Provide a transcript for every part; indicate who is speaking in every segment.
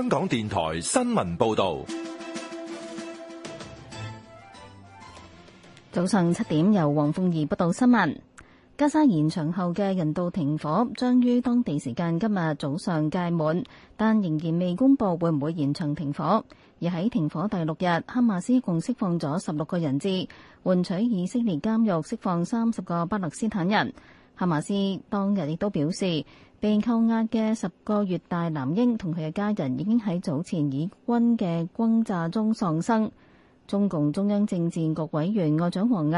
Speaker 1: 香港電台新聞報道，
Speaker 2: 早上七點由黃鳳儀報道新聞。加沙延長後嘅人道停火將於當地時間今日早上屆滿，但仍然未公布會唔會延長停火。而喺停火第六日，哈馬斯共釋放咗十六個人質，換取以色列監獄釋放三十個巴勒斯坦人。哈馬斯當日亦都表示。被扣押嘅十個月大男嬰同佢嘅家人已經喺早前以軍嘅轟炸中喪生。中共中央政治局委員外長王毅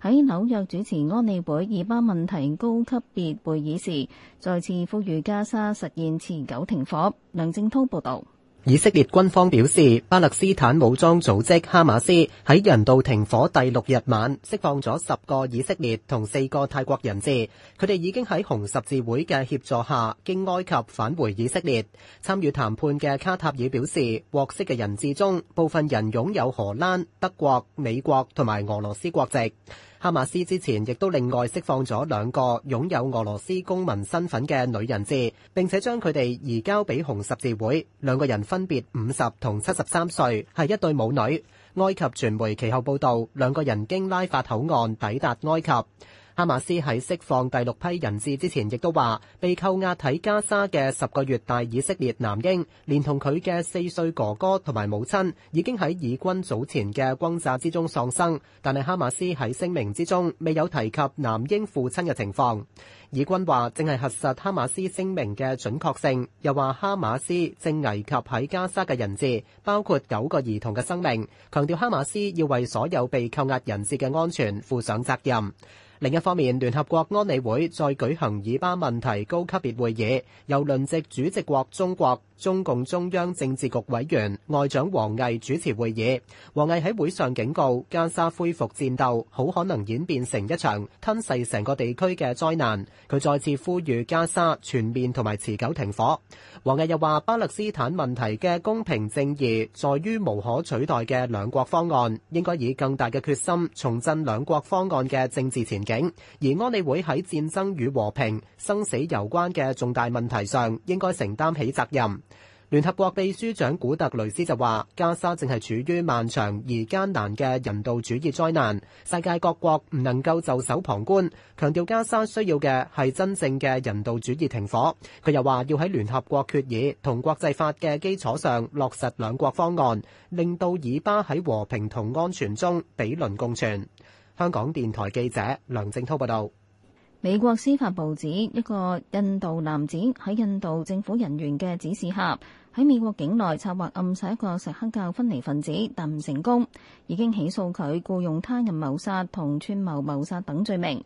Speaker 2: 喺紐約主持安理會以巴問題高級別會議時，再次呼籲加沙實現持久停火。梁正濤報道。
Speaker 3: 以色列軍方表示，巴勒斯坦武裝組織哈馬斯喺人道停火第六日晚釋放咗十個以色列同四個泰國人質，佢哋已經喺紅十字會嘅協助下經埃及返回以色列。參與談判嘅卡塔爾表示，獲釋嘅人質中，部分人擁有荷蘭、德國、美國同埋俄羅斯國籍。哈馬斯之前亦都另外釋放咗兩個擁有俄羅斯公民身份嘅女人質，並且將佢哋移交畀紅十字會。兩個人分別五十同七十三歲，係一對母女。埃及傳媒其後報道，兩個人經拉法口岸抵達埃及。哈馬斯喺釋放第六批人質之前，亦都話被扣押喺加沙嘅十個月大以色列男嬰，連同佢嘅四歲哥哥同埋母親，已經喺以軍早前嘅轟炸之中喪生。但係哈馬斯喺聲明之中未有提及男嬰父親嘅情況。以軍話正係核實哈馬斯聲明嘅準確性，又話哈馬斯正危及喺加沙嘅人質，包括九個兒童嘅生命，強調哈馬斯要為所有被扣押人質嘅安全負上責任。另一方面，聯合國安理會再舉行以巴問題高級別會議，由輪值主席國中國。中共中央政治局委員外長王毅主持會議，王毅喺會上警告，加沙恢復戰鬥好可能演變成一場吞噬成個地區嘅災難，佢再次呼籲加沙全面同埋持久停火。王毅又話巴勒斯坦問題嘅公平正義在於無可取代嘅兩國方案，應該以更大嘅決心重振兩國方案嘅政治前景。而安理會喺戰爭與和平、生死攸關嘅重大問題上，應該承擔起責任。聯合國秘書長古特雷斯就話：加沙正係處於漫長而艱難嘅人道主義災難，世界各國唔能夠袖手旁觀。強調加沙需要嘅係真正嘅人道主義停火。佢又話：要喺聯合國決議同國際法嘅基礎上落實兩國方案，令到以巴喺和平同安全中比鄰共存。香港電台記者梁正滔報導。
Speaker 2: 美國司法部指一個印度男子喺印度政府人員嘅指示下。喺美國境內策劃暗殺一個錫克教分離分子，但唔成功，已經起訴佢僱用他人謀殺同串謀謀殺等罪名。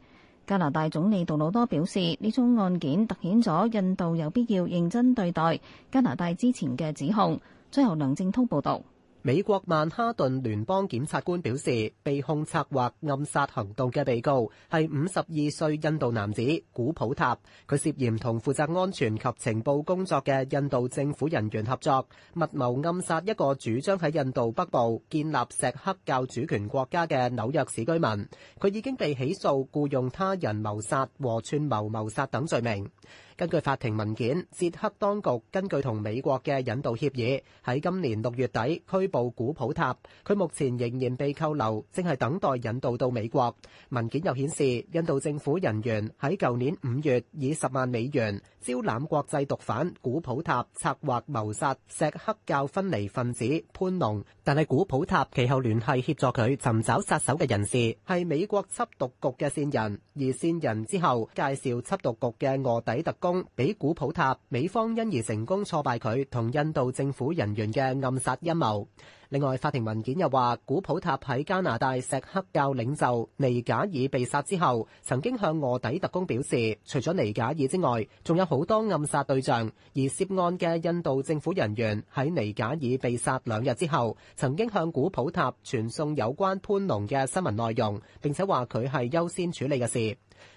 Speaker 2: 加拿大總理杜魯多表示，呢宗案件凸顯咗印度有必要認真對待加拿大之前嘅指控。最後由梁正濤報道。
Speaker 3: 美國曼哈頓聯邦檢察官表示，被控策劃暗殺行動嘅被告係52歲印度男子，古普塔，佢涉嫌同負責安全及情報工作嘅印度政府人員合作，密謀暗殺一個主張喺印度北部建立錫克教主權國家嘅紐約市居民，佢已經被起訴雇用他人謀殺和串謀謀殺等罪名。根據法庭文件，捷克當局根據同美國嘅引渡協議，喺今年六月底拘捕古普塔，佢目前仍然被扣留，正係等待引渡到美國。文件又顯示，印度政府人員喺舊年五月以十萬美元招攬國際毒販古普塔，策劃謀殺錫克教分離分子潘龍，但係古普塔其後聯繫協助佢尋找殺手嘅人士，係美國緝毒局嘅線人，而線人之後介紹緝毒局嘅臥底特供俾古普塔美方因而成功挫敗佢同印度政府人員嘅暗殺陰謀。另外，法庭文件又話，古普塔喺加拿大錫克教領袖尼賈爾被殺之後，曾經向卧底特工表示，除咗尼賈爾之外，仲有好多暗殺對象。而涉案嘅印度政府人員喺尼賈爾被殺兩日之後，曾經向古普塔傳送有關潘龍嘅新聞內容，並且話佢係優先處理嘅事。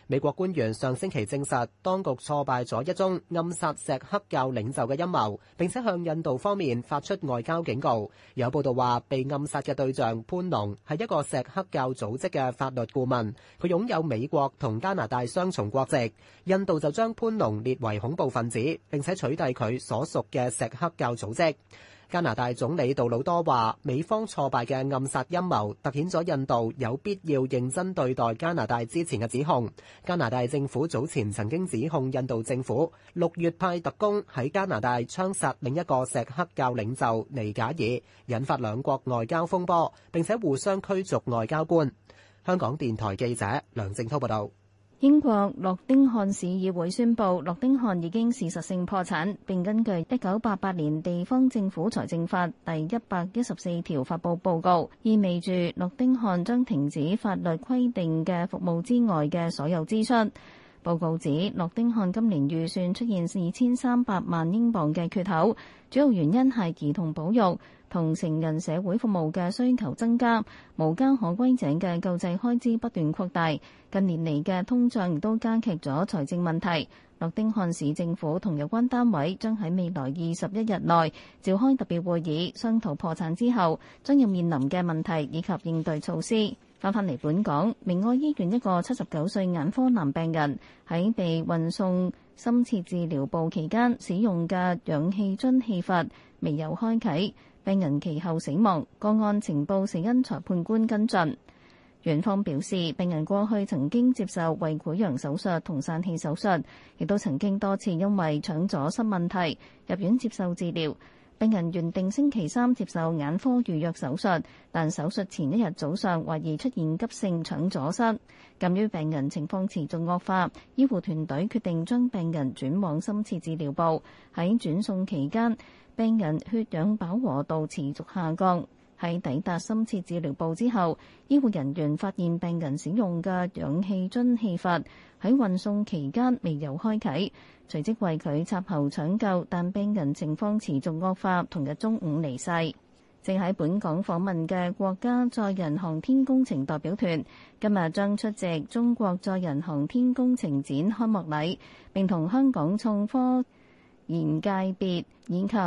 Speaker 3: 美國官員上星期證實，當局挫敗了一宗暗殺錫克教領袖的陰謀,並且向印度方面發出外交警告。有報道說,被暗殺的對象潘龍是一個錫克教組織的法律顧問,他擁有美國和加拿大雙重國籍,印度就將潘龍列為恐怖分子,並且取締他所屬的錫克教組織。加拿大總理杜魯多話：美方挫敗嘅暗殺陰謀，突顯咗印度有必要認真對待加拿大之前嘅指控。加拿大政府早前曾經指控印度政府六月派特工喺加拿大槍殺另一個錫克教領袖尼賈爾，引發兩國外交風波，並且互相驅逐外交官。香港電台記者梁正滔報道。
Speaker 2: 英國諾丁漢市議會宣布，諾丁漢已經事實性破產，並根據一九八八年地方政府財政法第一百一十四條發布報告，意味住諾丁漢將停止法律規定嘅服務之外嘅所有支出。報告指，諾丁漢今年預算出現二千三百萬英鎊嘅缺口，主要原因係兒童保育同成人社會服務嘅需求增加，無家可歸者嘅救濟開支不斷擴大。近年嚟嘅通脹亦都加劇咗財政問題。諾丁漢市政府同有關單位將喺未來二十一日內召開特別會議，商討破產之後將要面臨嘅問題以及應對措施。翻返嚟本港，明愛醫院一個七十九歲眼科男病人喺被運送深切治療部期間，使用嘅氧氣樽氣閥未有開啟，病人其後死亡。個案情報死因裁判官跟進，院方表示，病人過去曾經接受胃潰瘍手術同散氣手術，亦都曾經多次因為腸阻塞問題入院接受治療。病人原定星期三接受眼科預約手術，但手術前一日早上懷疑出現急性腸阻塞。鑒於病人情況持續惡化，醫護團隊決定將病人轉往深切治療部。喺轉送期間，病人血氧飽和度持續下降。喺抵達深切治療部之後，醫護人員發現病人使用嘅氧氣樽氣閥喺運送期間未有開啟，隨即為佢插喉搶救，但病人情況持續惡化，同日中午離世。正喺本港訪問嘅國家載人航天工程代表團，今日將出席中國載人航天工程展開幕禮，並同香港創科研界別以及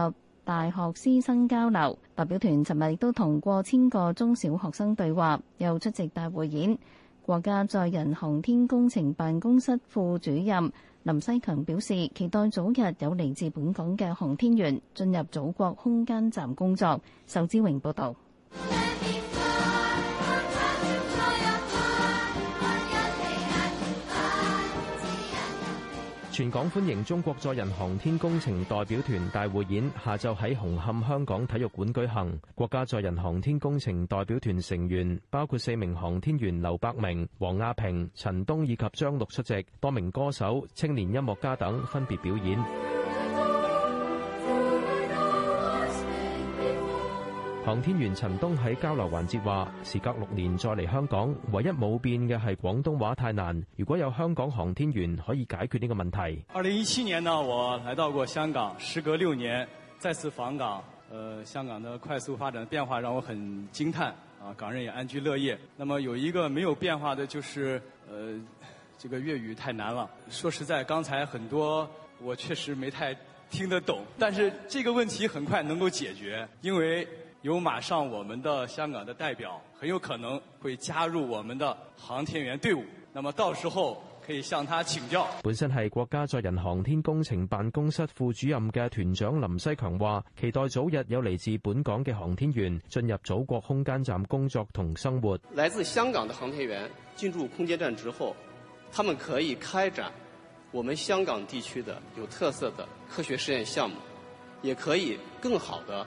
Speaker 2: 大學師生交流，代表團尋日亦都同過千個中小學生對話，又出席大匯演。國家載人航天工程辦公室副主任林西強表示，期待早日有嚟自本港嘅航天員進入祖國空間站工作。仇志榮報導。
Speaker 1: 全港歡迎中國載人航天工程代表團大匯演，下晝喺紅磡香港體育館舉行。國家載人航天工程代表團成員包括四名航天員劉伯明、王亞平、陳冬以及張陸出席，多名歌手、青年音樂家等分別表演。航天員陳冬喺交流環節話：時隔六年再嚟香港，唯一冇變嘅係廣東話太難。如果有香港航天員可以解決呢個問題。二零一七年呢，我來到過香港，時隔六年再次訪港，呃，香港的快速發展變化讓我很驚嘆，啊，港人也安居樂業。那麼有一個沒有變化的，就是，呃，這個粵語太難了。說實在，剛才很多我確實沒太聽得懂，但是這個問題很快能夠解決，因為。有馬上我們的香港的代表，很有可能會加入我們的航天員隊伍。那麼，到時候可以向他請教。本身係國家載人航天工程辦公室副主任嘅團長林西強話，期待早日有嚟自本港嘅航天員進入祖國空間站工作同生活。來自香港的航天員進入空間站之後，他們可以開展我們香港地區的有特色的科學實驗項目，也可以更好地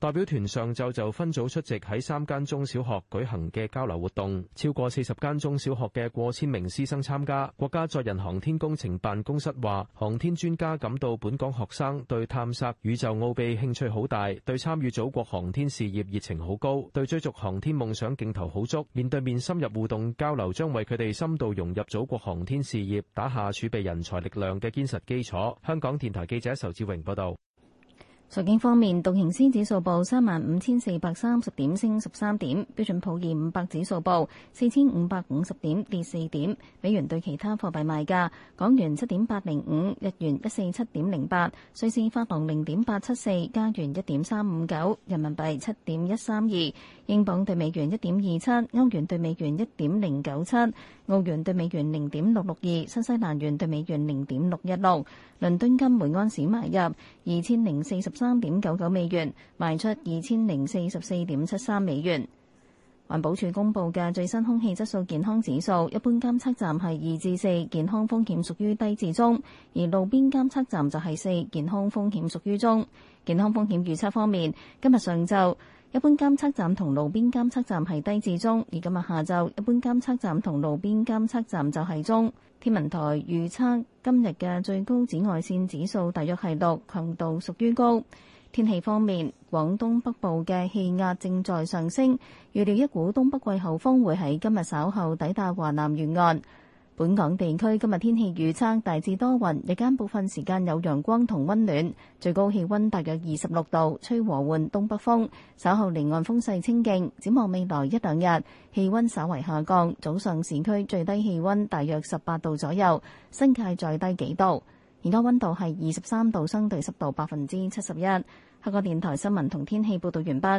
Speaker 1: 代表團上晝就，就分組出席喺三間中小學舉行嘅交流活動，超過四十間中小學嘅過千名師生參加。國家載人航天工程辦公室話，航天專家感到本港學生對探索宇宙奧秘興趣好大，對參與祖國航天事業熱情好高，對追逐航天夢想勁頭好足。面對面深入互動交流，將為佢哋深度融入祖國航天事業打下儲備人才力量嘅堅實基礎。香港電台記者仇志榮報道。
Speaker 2: 財經方面，道瓊斯指數報三萬五千四百三十點，升十三點；標準普爾五百指數報四千五百五十點，跌四點。美元對其他貨幣賣價：港元七點八零五，日元一四七點零八，瑞士法郎零點八七四，加元一點三五九，人民幣七點一三二，英鎊對美元一點二七，歐元對美元一點零九七，澳元對美元零點六六二，新西蘭元對美元零點六一六。倫敦金每安士買入二千零四十。三點九九美元，賣出二千零四十四點七三美元。環保署公布嘅最新空氣質素健康指數，一般監測站係二至四，健康風險屬於低至中；而路邊監測站就係四，健康風險屬於中。健康風險預測方面，今日上晝。一般監測站同路邊監測站係低至中，而今日下晝一般監測站同路邊監測站就係中。天文台預測今日嘅最高紫外線指數大約係六，強度屬於高。天氣方面，廣東北部嘅氣壓正在上升，預料一股東北季候風會喺今日稍後抵達華南沿岸。本港地區今日天氣預測大致多雲，日間部分時間有陽光同温暖，最高氣温大約二十六度，吹和緩東北風。稍後離岸風勢清勁。展望未來一兩日，氣温稍為下降，早上市區最低氣温大約十八度左右，新界再低幾度。而家温度係二十三度，相對濕度百分之七十一。香港電台新聞同天氣報道完畢。